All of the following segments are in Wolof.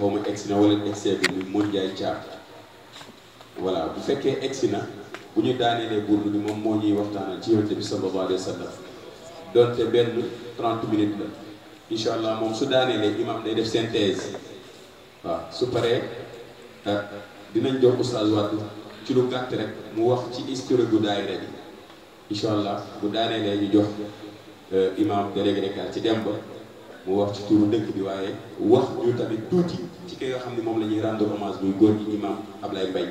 xaw ma egsi na wala egsee bi muy Modou Ndiaye Thiam voilà bu fekkee egsi na bu ñu daanee daaneelee burdu bi moom moo ñuy waxtaanal ci yonte bi sallallahu alayhi wa sallam donte benn 30 minutes la incha allah moom su daanee daaneelee imam day def synthèse waaw su paree ah, dinañ jox oustaz Wade ci lu gàtt rek mu wax ci histoire bu daayira bi incha allah bu daaneelee ñu jox euh, imam délégué de quartier ci dem ba mu wax ci turu dëkk bi waaye wax ñu tamit tuuti ci ki nga xam ne moom la ñuy rendre hommage muy góor gi imam Ablaye Mbaye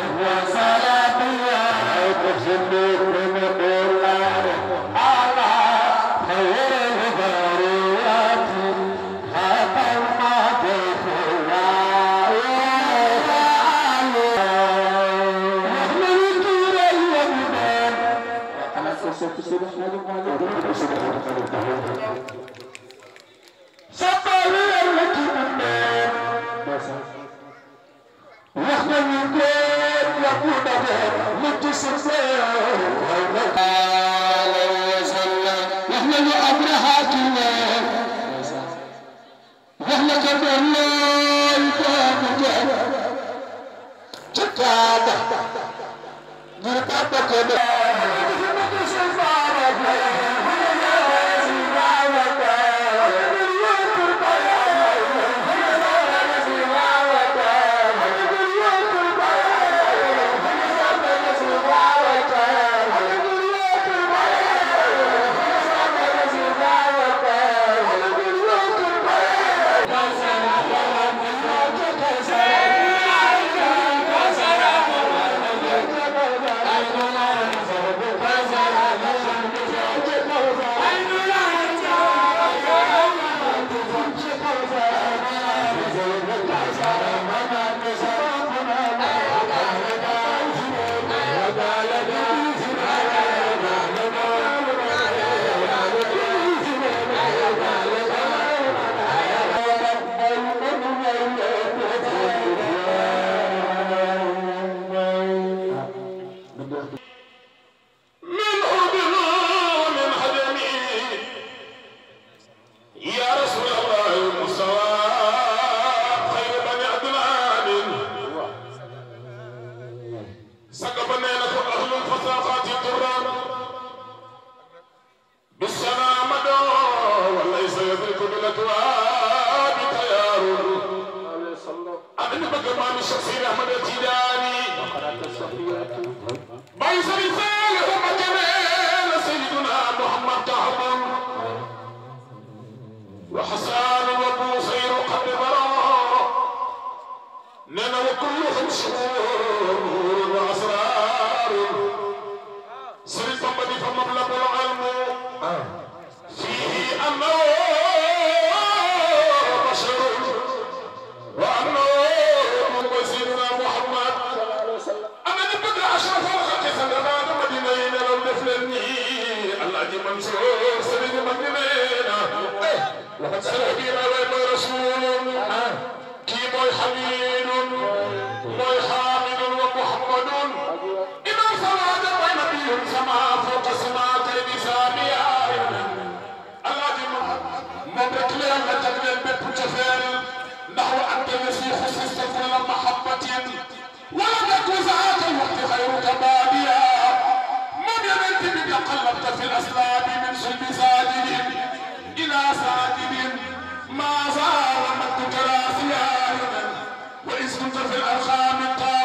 Tata. Guru Papa Kodo. بيت جفان نحو أنت يسيح سست كل محبة ولم يكن الوقت غيرك باديا من يمد بك قلبت في الأسلام من سلب ساجد إلى ساجد ما زار مدك راسيا وإن كنت في الأرخام قال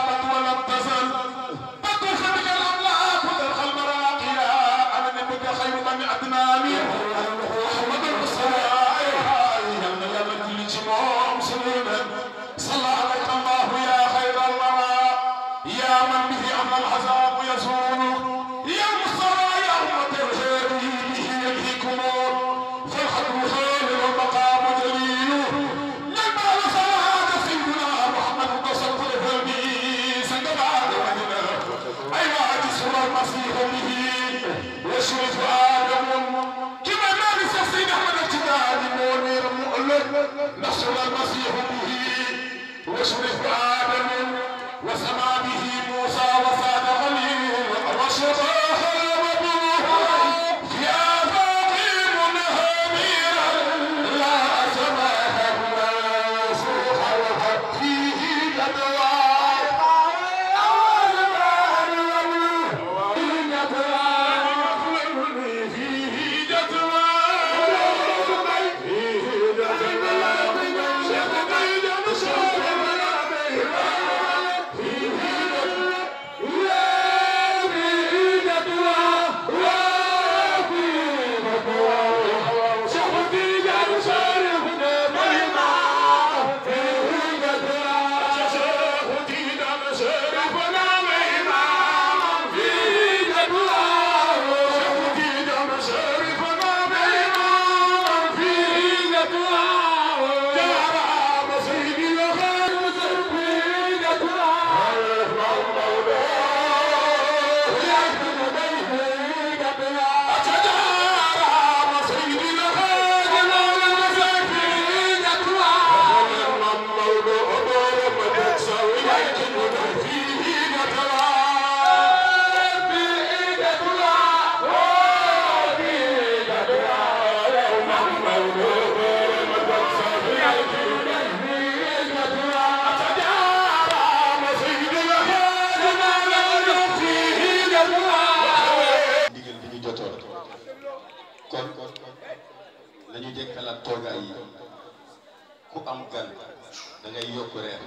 tegal ko reer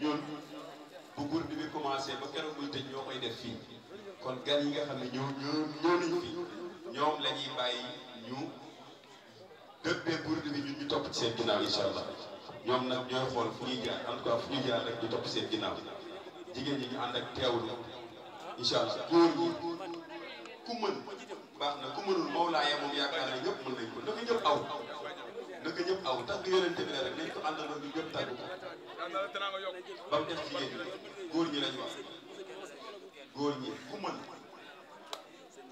ñun bu guddi bi commencé ba keroog muy tëj ñoo koy def fii kon gan yi nga xam ne ñoo ñoo ñoo nañu ñoom la ñuy bàyyi ñu dëppee guddi bi ñun ñu topp ci seen ginnaaw incha allah ñoom nag ñooy xool fu ñuy jaar en tout cas fu ñu topp seen ginnaaw jigéen ñi ñu ànd ak teewlu incha allah góor ñi ku mën baax na ku mënul Mawlaaya moom yaakaar naa ñëpp mën nañ ko dafa ñëpp aw. ko ñëpp aw tàgg yonente bi la rek nañ ko àndandoo ñu ñëpp tàgg ko ba mu def jigéen ñi góor ñi lañu wax góor ñi ku mën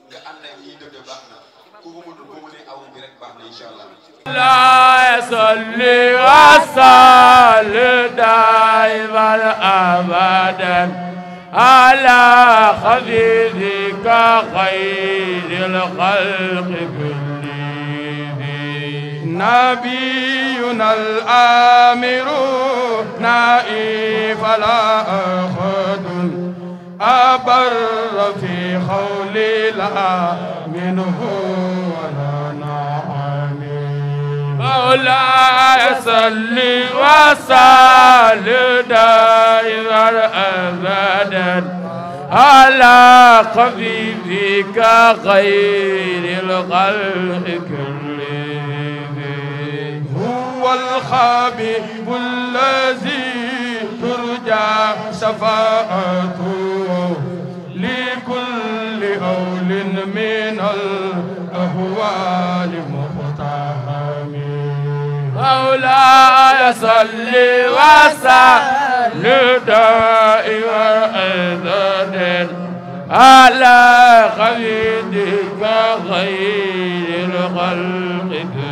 nga ànd ak ñiy dëgg baax na ku ko mënul ba mu ne aw bi rek baax na incha allah. la salli wa salli daiman abadan ala habibika xayril xalqi نبينا الآمر نائف لا أخذ أبر في خول لا منه ولا نعم مولاي صل وسلم دائما أبدا على حبيبك خير الخلق الحبيب الذي ترجى شفاعته لكل أول من الأهوال مقتحم مولاي يصلي وسلم دائما أبدا على خليدك خير الخلق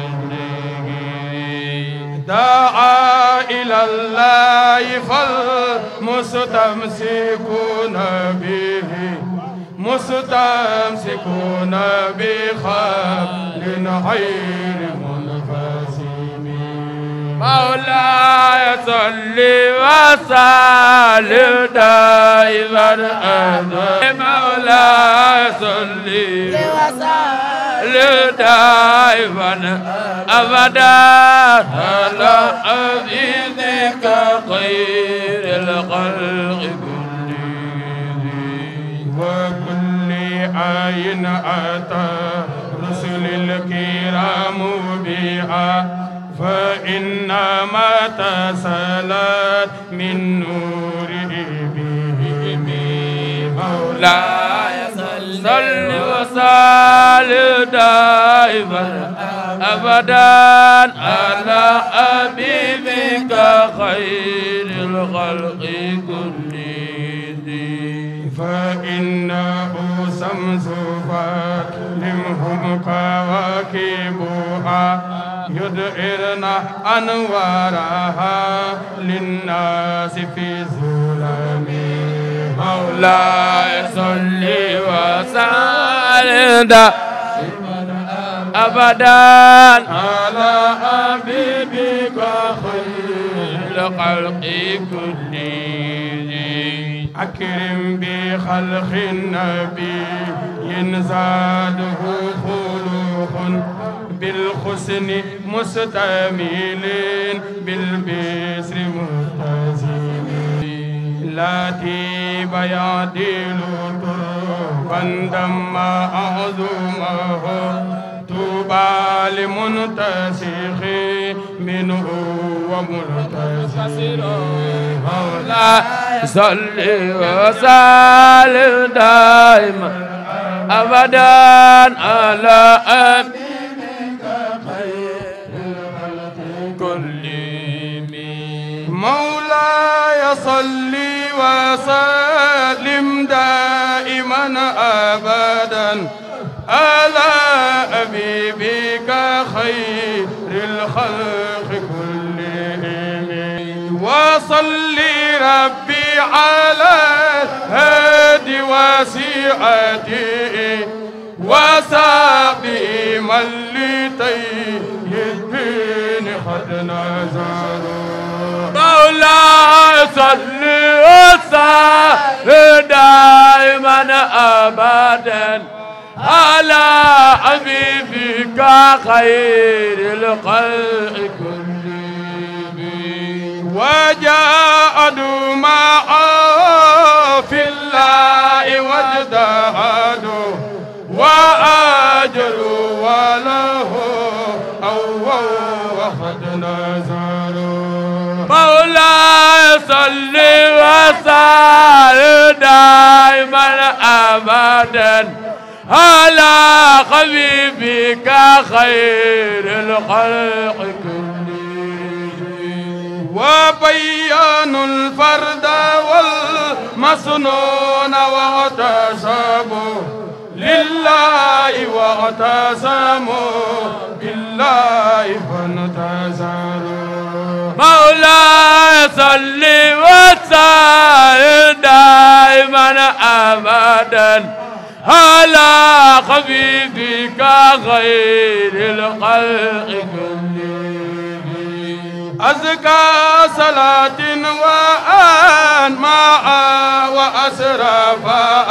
دعا إلى الله فالمستمسكون به مستمسكون بخبل غير منفسم مولاي صل وسلم دائما أنا مولاي صل وسلم دائما أبدا على عزيزك خير الخلق كله وكل عين أتى رسل الكرام بها فإنما تسلت من نوره به مولانا دائما أبدا على حبيبك خير الخلق كلهم فإنه شمس فاكلمهم كواكبها يدعرنا أنوارها للناس في ظلم مولاي صلي وسلم أبدا على حبيبك خير الخلق كلهم أكرم بخلق النبي ينزاده خلق بالحسن مستميلين بالبسر متزين تيب بيعدل تربا دم أعظمه طوبى لمنتسخ منه ومنتسخ مولاي صل وسلم دائما أبدا على أبيك خير كل مولاي صل وسلم دائما أبدا على خير الخلق كلهم وصلي ربي على هادي وسيعتي وساقي من لتيه بين قد نزل مولاي صلي وسلم دائما ابدا على حبيبك خير الخلق كلهم وجاء معا في الله واجتهدوا وآجروا وله أووا وقد نزلوا مولاي صلي وسلم دائما أبدا على حبيبك خير الخلق كلهم الفرد والمسنون واعتصموا لله واعتصموا بالله فانتصروا مولاي صل وسلم دائما ابدا هلا خفيفك غير الخلق أزكى صلاة وأنماء وأسرفاء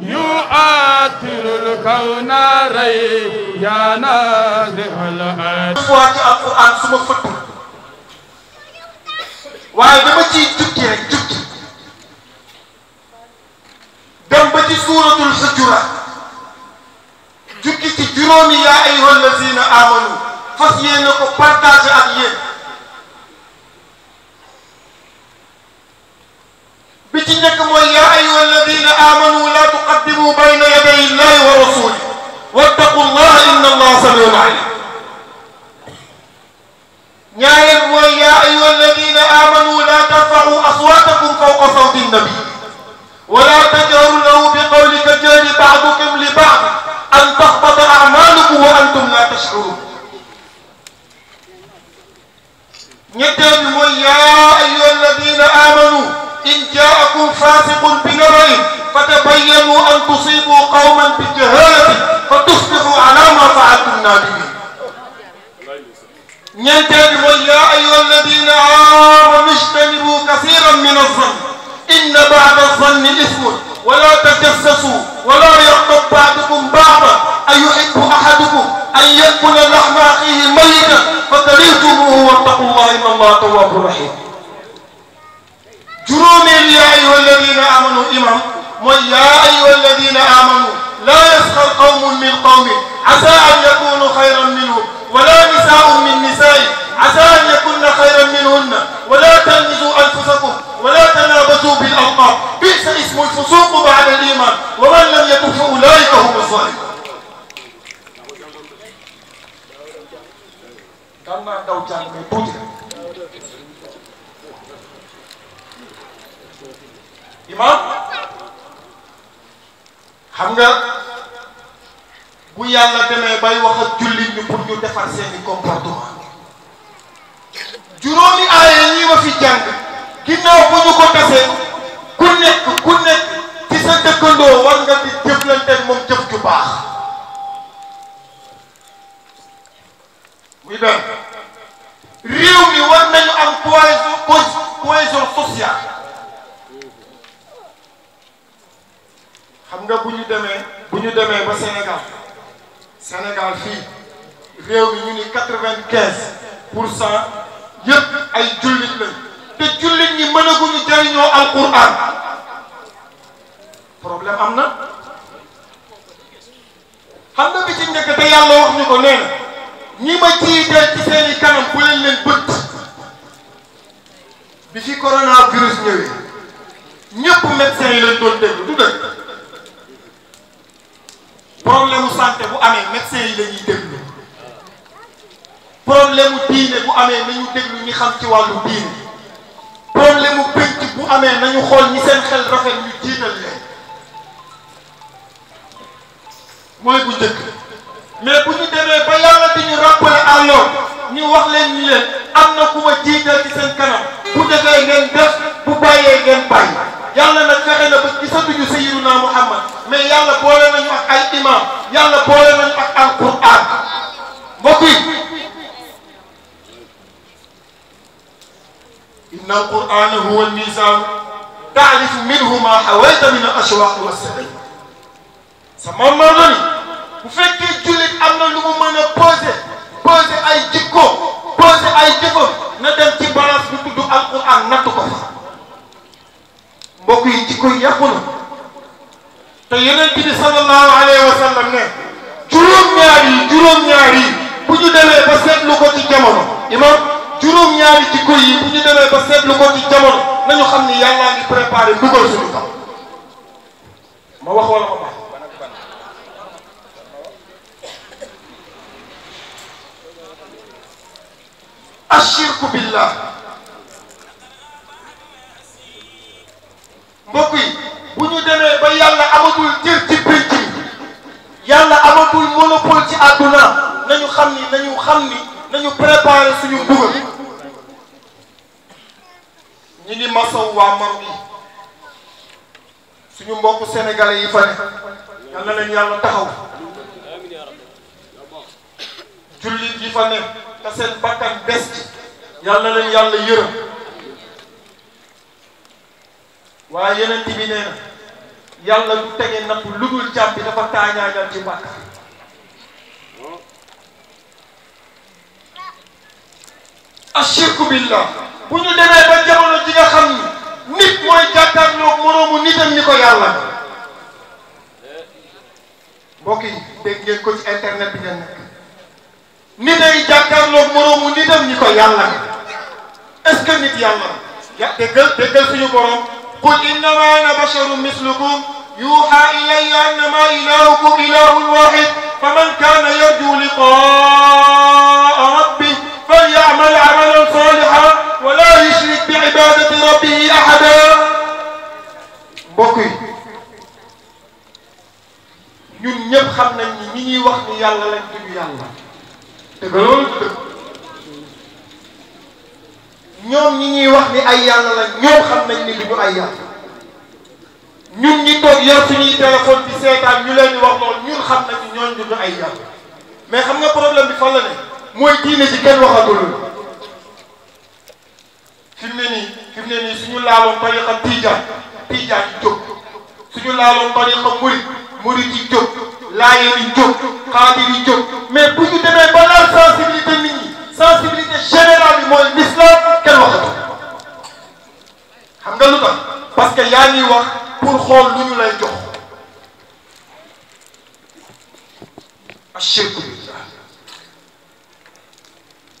يؤثر الكون ريانا ذهل الأرض القرآن سمو فتو واي دما تي جوكي dem ba ci suuratul xujuraat jukki ci juróomi yaa ayyuhal lazina amanu fas yéene ko partagé ak yéen bi ci nekk mooy yaa ayyuhal lazina amanu laa tuqaddimu bayna yaday illahi wa rasuli wattaqu llaha inna allaha samiun alim ñaareel mooy yaa ayyuhal lazina amanu laa tarfau aswatakum fawqa sawti nnabi wala البعض أن تخبط أعمالكم وأنتم لا تشعرون نتن يا أيها الذين آمنوا إن جاءكم فاسق بنبأ فتبينوا أن تصيبوا قوما بجهالة فتصبحوا على ما فعلتم نادمين نتن يا أيها الذين آمنوا اجتنبوا كثيرا من الظن إن بعد الظن إثم ولا تجسسوا ولا يغتب بعضكم بعضا أيحب أحدكم أن يأكل لحم أخيه ميتا فكرهتموه واتقوا الله إن الله تواب رحيم جرومي يا أيها الذين آمنوا إمام ويا أيها الذين آمنوا فاتوا بالأوقات بئس اسم الفسوق بعد الإيمان ومن لم يتب أولئك هم الظالمون dama daw jangan tuuti imam xam nga bu yàlla demee bay wax ak jullit ñi pour ñu defar seeni comportement juróomi aaya ñi ñuy wa fi jàng ginnaaw bu ñu ko tasee ku nekk ku nekk ci sa dëkkandoo war nga di jëflanteeg moom jëf ju baax réew mi war nañu am cohésion sociale xam nga bu ñu demee bu ñu demee ba Sénégal Sénégal fii réew mi ñu ni quatre-vingt-quinze pour cent yëpp ay jullit lañ te jullit ñi mënaguñu jëriñoo alquran problème am na xam nga bi ci njëkk te yàlla wax ñu ko nee ñi ma jiital ci seen kanam bu leen bët bi ci coronavirus ñëwee ñëpp médecin yi lañ doon dëgg problème mu santé bu amee médecin yi la ñuy déglu problème diine bu amee nañu déglu ñi xam ci wàllu diine problème mu pénc bu amee nañu xool ñi seen xel rafet ñu jiital leen mooy bu njëkk mais pour nous donner pas yàlla di ñu rappeler à l'ordre ñu wax leen ñu leen am na ku ma jiital ci seen kanam bu defee ngeen def bu bàyyee ngeen bàyyi yàlla nag fexe na ba gisatuñu sayyiduna Muhammad mais yàlla boole nañu ak ay imam yàlla boole nañu ak alquran mbokk yi إن القرآن هو الميزان تعرف منه ما حويت من الأشواق والسعيد sama maam la ni bu fekkee jullit am na lu mu mën a posé posé ay jikko posé ay jëfam na dem ci balance bu tudd alquran nattu ko fa mbokk yi jikko yi yàqu na te yonent bi sallallahu alayhi wa ne juróom-ñaar yi juróom-ñaar yi bu ñu demee ba seetlu ko ci jamono imam juróom-ñaari jikko yi bu demee ba seetlu ko ci jamono nañu xam ni yàllaa ngi préparé mbugal suñu ashirku billah mbokk yi demee ba yàlla amatul jër ci pénc yàlla amatul monopole ci àdduna nañu xam ni nañu xam ni nañu préparé suñu mbugal ñi ngi masaw waa Marodi suñu mbokku sénégalais yi fa ne yal leen yàlla taxaw jullit yi fa ne te seen bakkan des yal na leen yàlla yërëm waaye yeneen bi nee na yàlla du tege napp lu dul jàmm dafa taañaañal ci bàkk الشرك بالله بني دنا بجمعنا جيغا خامي نيت موي جاكار نوك موروم نيتام نيكو يالا بوكي دك نين كو سي انترنت بي نك ني داي جاكار نوك موروم نيتام نيكو يالا اسكو نيت يالا يا دغل دغل سيو بوروم قل انما انا بشر مثلكم يوحى الي انما الهكم اله واحد فمن كان يرجو لقاء xam nañ ni ñi ñuy wax ni yàlla lañ te du ñoom ñi wax ni yàlla lañ ñoom xam nañ ni du ay yàlla ñun ñi toog yor suñuy téléphone bi seetaan ñu leen di wax loolu ñun xam nañ ni ñooñu du ñu ay yàlla mais xam nga problème bi fan la ne mooy diine ci kenn waxagul fi mu ne nii fi ne nii suñu laaloon tariqa tijaan tijaan ci jóg suñu laaloon tariqa murid murid ci jóg. laajee yi jóg xaadir yi jóg mais bu ñu demee ba laal sensibilité nit ñi sensibilité générale bi mooy l'islam kenn waxatu xam nga lu que yaa ngi wax pour xool lu ñu lay jox ashirku billah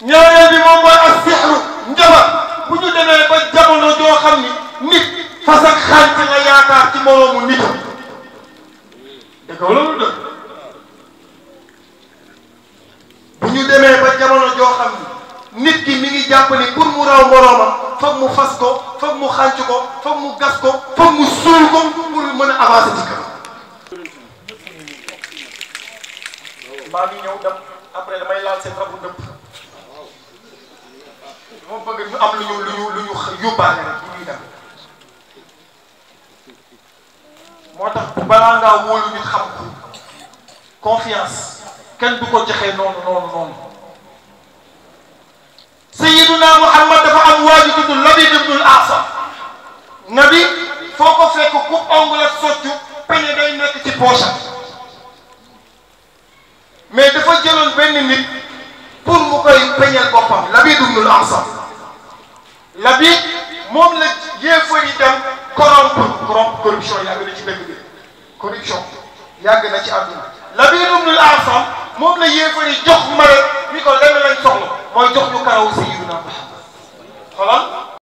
ñaareel bi moom mooy ak sixru njabar bu ñu demee ba jamono joo xam ni nit fas ak xànc nga yaakaar ci moroomu nitam demee ba jamono joo xam ni nit ki mi ngi jàpp ni pour mu raw moroomam foog mu fas ko foog mu xànc ko foog mu gas ko foog mu suul ko pour mën a avancer ci kanam. moo tax balaa ngaa wóolu nit xam ko confiance kenn du ko joxee noonu noonu noonu. sayiduna muhammad dafa am waaju tudd labid ibnul asam nabi foo ko fekk ku ongle ak soccu peñe day nekk ci poosam mais dafa jëloon benn nit pour mu koy peñeel boppam labid ibnul asam labid moom la yéefar yi dem corrompre corrompre corruption yàgg na ci dëkk bi corruption yàgg na ci àdduna labid ibnul asam moom la yéefar yi jox mala mi ko lenn lañ soxla mooy jox ñu karaw sayyidina Muhammad xoolal